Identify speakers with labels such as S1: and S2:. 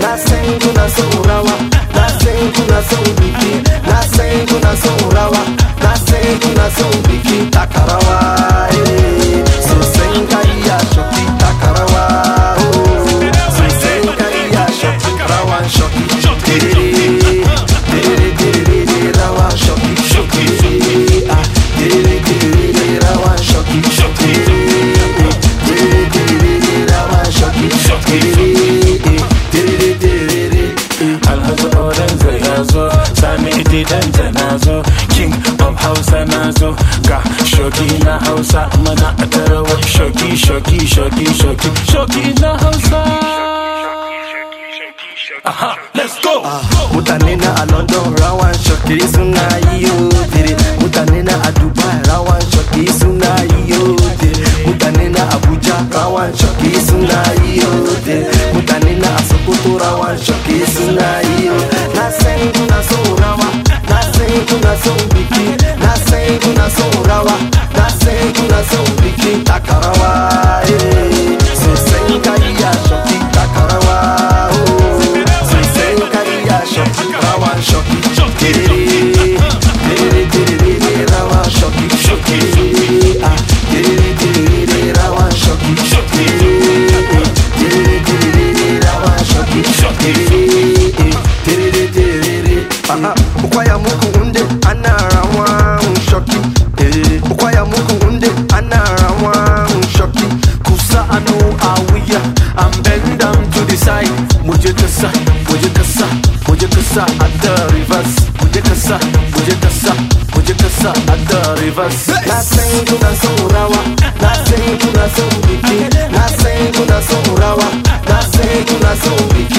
S1: Nasengu naso urawa, nasengu naso ubiki,
S2: nasengu naso urawa, nasengu naso ubiki, takarawa. Eh. Lady Danta na zo King of Hausa na zo Ga shoki na Hausa Mana a tarawa shoki shoki shoki shoki Shoki na Hausa
S1: Aha, let's go! Mutane na a London rawan shoki suna yi yo tere Mutane na a Dubai rawan shoki suna yi yo tere Mutane Abuja rawan shoki suna yi yo tere Mutane na a Sokoto rawan shoki suna yi kuna son rawa na san kuna
S2: son bikin takarawa sosai ka iya shoki takarawa sosai ka iya shoki rawa shoki tiriri tiriri tiriri rawa shoki shoki ah tiriri tiriri rawa shoki shoki tiriri tiriri rawa shoki shoki tiriri eh, tiriri ah ah muku unde ana rawa Kuje kasa at the reverse Kuje kasa, kuje kasa, kuje kasa at the reverse Na san kuna son rawa Na san kuna son biki Na san kuna son rawa Na